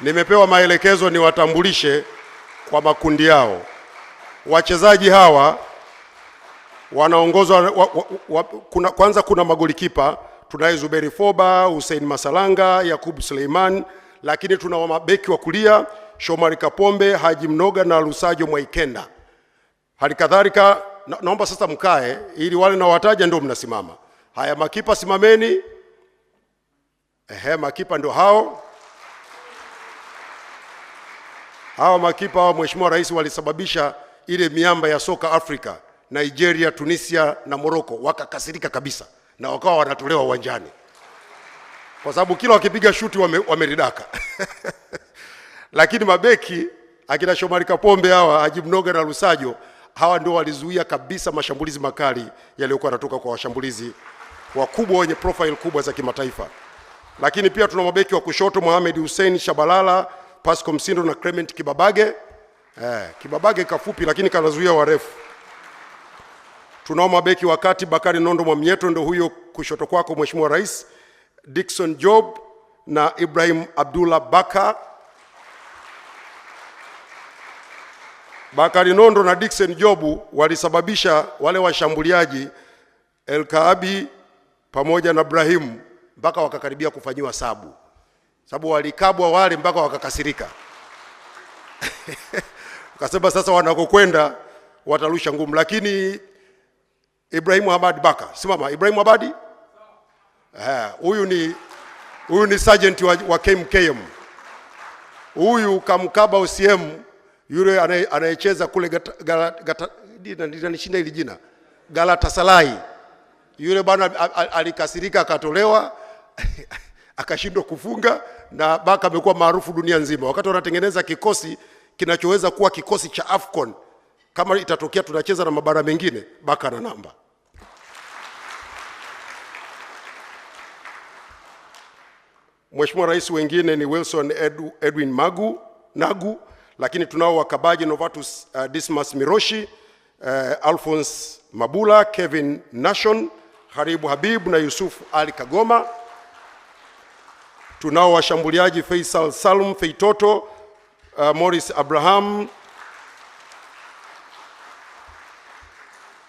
nimepewa maelekezo niwatambulishe kwa makundi yao. Wachezaji hawa wanaongozwa wa, wa, wa, kuna, kwanza kuna magolikipa tunaye Zuberi Foba, Hussein Masalanga, Yakubu Suleiman, lakini tuna mabeki wa kulia Shomari Kapombe, Haji Mnoga na Lusajo Mwaikenda. Halikadhalika na, naomba sasa mkae ili wale nawataja ndio mnasimama. Haya, makipa simameni. Ehe, makipa ndio hao. hawa makipa hawa, Mheshimiwa Rais, walisababisha ile miamba ya soka Afrika, Nigeria, Tunisia na Morocco, wakakasirika kabisa na wakawa wanatolewa uwanjani kwa sababu kila wakipiga shuti wame, lakini mabeki akina Shomari Kapombe hawa Haji Mnoga na Lusajo hawa ndio walizuia kabisa mashambulizi makali yaliyokuwa yanatoka kwa washambulizi wakubwa wenye profile kubwa za kimataifa. Lakini pia tuna mabeki wa kushoto Mohamed Hussein Shabalala Pasco Msindo na Clement Kibabage. Eh, Kibabage kafupi lakini kanazuia warefu. Tunao mabeki wa kati Bakari Nondo Mwamnyeto, ndio huyo kushoto kwako Mheshimiwa Rais, Dickson Job na Ibrahim Abdullah Baka. Bakari Nondo na Dickson Jobu walisababisha wale washambuliaji El Kaabi pamoja na Ibrahim mpaka wakakaribia kufanyiwa sabu sababu walikabwa wale mpaka wakakasirika wakasema sasa wanakokwenda watarusha ngumu. Lakini Ibrahimu abadi Baka, simama Ibrahimu abadi huyu ni huyu ni sergeant wa, wa KMKM. Huyu kamkaba OCM yule anayecheza kule nishinda hili jina Galatasaray, yule bwana alikasirika akatolewa akashindwa kufunga na Baka amekuwa maarufu dunia nzima. Wakati wanatengeneza kikosi kinachoweza kuwa kikosi cha Afcon kama itatokea tunacheza na mabara mengine, Baka na namba. Mheshimiwa Rais, wengine ni Wilson Edu, Edwin Magu, Nagu, lakini tunao wakabaji Novatus uh, Dismas Miroshi uh, Alphonse Mabula, Kevin Nashon, Haribu Habibu na Yusuf Ali Kagoma. Tunao washambuliaji Faisal Salum Feitoto, uh, Morris Abraham,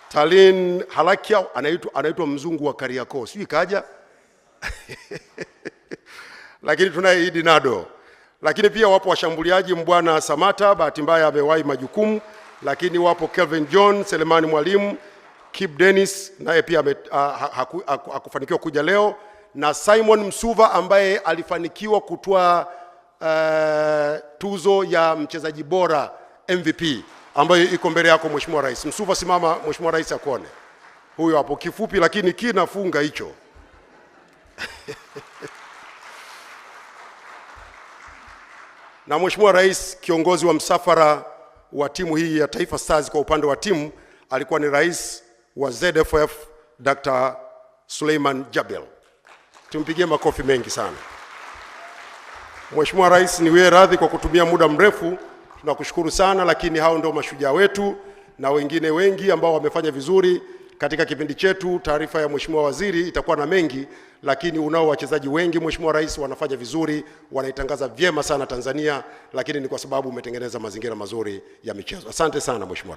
Talin Halakia anaitwa anaitwa mzungu wa Kariakoo, sijui kaja lakini tunaye Idi Nado, lakini pia wapo washambuliaji Mbwana Samata, bahati mbaya amewahi majukumu, lakini wapo Kelvin John, Selemani Mwalimu, kip Dennis naye pia uh, hakufanikiwa kuja leo na Simon Msuva ambaye alifanikiwa kutoa uh, tuzo ya mchezaji bora MVP ambayo iko mbele yako Mheshimiwa Rais. Msuva, simama Mheshimiwa Rais akuone. Huyo hapo kifupi lakini kinafunga hicho. na Mheshimiwa Rais, kiongozi wa msafara wa timu hii ya Taifa Stars kwa upande wa timu alikuwa ni Rais wa ZFF Dr. Suleiman Jabel. Tumpigie makofi mengi sana. Mheshimiwa Rais, niwie radhi kwa kutumia muda mrefu, tunakushukuru sana, lakini hao ndio mashujaa wetu na wengine wengi ambao wamefanya vizuri katika kipindi chetu. Taarifa ya Mheshimiwa Waziri itakuwa na mengi, lakini unao wachezaji wengi Mheshimiwa Rais, wanafanya vizuri, wanaitangaza vyema sana Tanzania, lakini ni kwa sababu umetengeneza mazingira mazuri ya michezo. Asante sana Mheshimiwa